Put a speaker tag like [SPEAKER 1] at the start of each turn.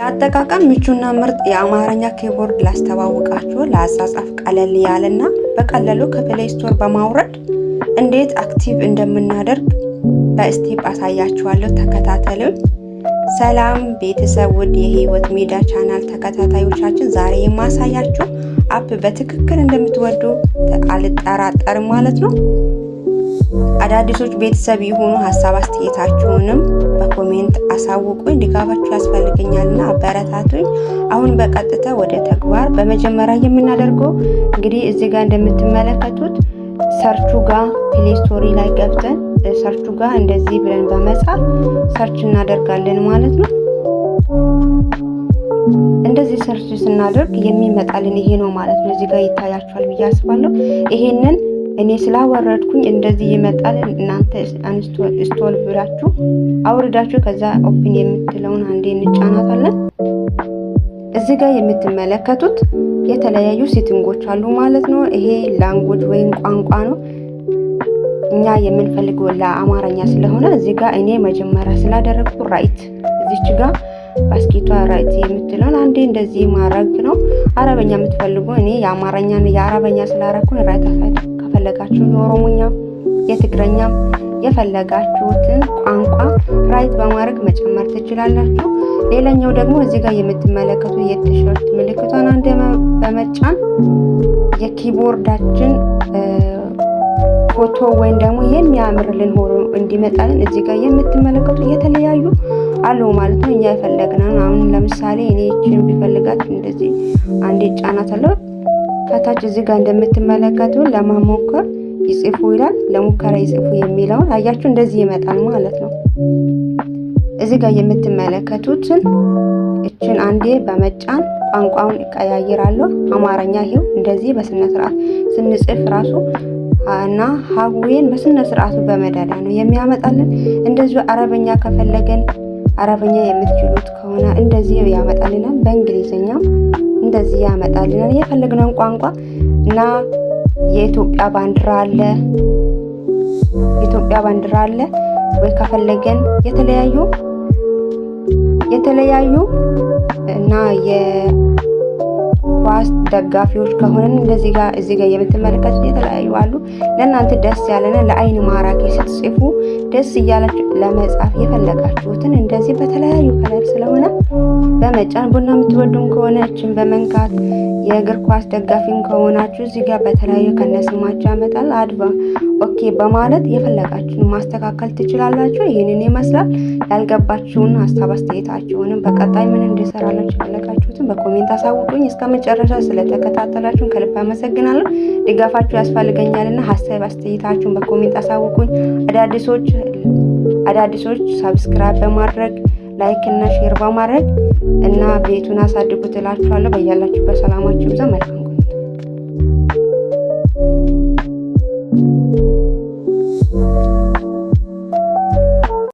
[SPEAKER 1] ለአጠቃቀም ምቹና ምርጥ የአማርኛ ኪቦርድ ላስተዋውቃችሁ። ለአጻጻፍ ቀለል ያለና በቀለሉ ከፕሌይ ስቶር በማውረድ እንዴት አክቲቭ እንደምናደርግ በስቴፕ አሳያችኋለሁ። ተከታተልም ሰላም ቤተሰብ፣ ውድ የህይወት ሜዳ ቻናል ተከታታዮቻችን፣ ዛሬ የማሳያችሁ አፕ በትክክል እንደምትወዱ አልጠራጠርም ማለት ነው። አዳዲሶች ቤተሰብ የሆኑ ሀሳብ አስተያየታችሁንም በኮሜንት አሳውቁኝ። ድጋፋችሁ ያስፈልገኛልና አበረታቱኝ። አሁን በቀጥታ ወደ ተግባር በመጀመሪያ የምናደርገው እንግዲህ እዚህ ጋር እንደምትመለከቱት ሰርቹ ጋር ፕሌይ ስቶሪ ላይ ገብተን ሰርቹ ጋር እንደዚህ ብለን በመጻፍ ሰርች እናደርጋለን ማለት ነው። እንደዚህ ሰርች ስናደርግ የሚመጣልን ይሄ ነው ማለት ነው። እዚህ ጋር ይታያችኋል ብዬ አስባለሁ። ይሄንን እኔ ስላወረድኩኝ እንደዚህ ይመጣል። እናንተ ስቶል ብላችሁ አውርዳችሁ ከዛ ኦፕን የምትለውን አንዴ እንጫናታለን። እዚህ ጋር የምትመለከቱት የተለያዩ ሴቲንጎች አሉ ማለት ነው። ይሄ ላንጉጅ ወይም ቋንቋ ነው። እኛ የምንፈልገው ለአማርኛ ስለሆነ እዚህ ጋር እኔ መጀመሪያ ስላደረግኩ ራይት እዚች ጋር ባስኬቷ ራይት የምትለውን አንዴ እንደዚህ ማድረግ ነው። አረበኛ የምትፈልጉ እኔ የአማርኛ የአረበኛ ስላረግኩ ራይት የፈለጋችሁ የኦሮሞኛም የትግረኛም የፈለጋችሁትን ቋንቋ ራይት በማድረግ መጨመር ትችላላችሁ። ሌላኛው ደግሞ እዚህ ጋር የምትመለከቱ የቲሸርት ምልክቷን አንድ በመጫን የኪቦርዳችን ፎቶ ወይም ደግሞ የሚያምርልን ሆኖ እንዲመጣልን እዚህ ጋር የምትመለከቱ የተለያዩ አሉ ማለት ነው። እኛ የፈለግነን አሁን ለምሳሌ እኔ ይችን ቢፈልጋት እንደዚህ አንዴ ጫናት አለው ከታች እዚህ ጋር እንደምትመለከቱ ለማሞከር ይጽፉ ይላል። ለሙከራ ይጽፉ የሚለውን አያችሁ፣ እንደዚህ ይመጣል ማለት ነው። እዚህ ጋር የምትመለከቱትን እችን አንዴ በመጫን ቋንቋውን እቀያይራለሁ። አማርኛ ይሄው እንደዚህ በስነ ስርዓት ስንጽፍ ራሱ እና ሀዌን በስነ ስርዓቱ በመዳዳ ነው የሚያመጣልን። እንደዚሁ አረበኛ ከፈለገን አረብኛ የምትችሉት ከሆነ እንደዚህ ያመጣልናል። በእንግሊዝኛ እንደዚህ ያመጣልናል። የፈለግነውን ቋንቋ እና የኢትዮጵያ ባንዲራ አለ የኢትዮጵያ ባንዲራ አለ ወይ ከፈለገን የተለያዩ የተለያዩ እና የኳስ ደጋፊዎች ከሆነን እንደዚህ ጋር እዚህ ጋር የምትመለከቱት የተለያዩ አሉ። ለእናንተ ደስ ያለና ለአይን ማራኪ ስትጽፉ ደስ እያላችሁ ለመጻፍ የፈለጋችሁትን እንደዚህ በተለያዩ ከለር ስለሆነ በመጫን ቡና የምትወዱም ከሆነ እችን በመንካት የእግር ኳስ ደጋፊም ከሆናችሁ እዚህ ጋር በተለያዩ ከነስማቸው ያመጣል አድባ ኦኬ በማለት የፈለጋችሁን ማስተካከል ትችላላችሁ። ይህንን ይመስላል። ያልገባችሁን ሀሳብ አስተያየታችሁንም በቀጣይ ምን እንዲሰራላችሁ የፈለጋችሁትን በኮሜንት አሳውቁኝ። እስከ መጨረሻ ስለተከታተላችሁን ከልብ አመሰግናለሁ። ድጋፋችሁ ያስፈልገኛልና ሀሳብ አስተያየታችሁን በኮሜንት አሳውቁኝ። አዳዲሶች አዳዲሶች ሳብስክራይብ በማድረግ ላይክ እና ሼር በማድረግ እና ቤቱን አሳድጉት እላችኋለሁ። በያላችሁበት ሰላማችሁ ይብዛ። መልካም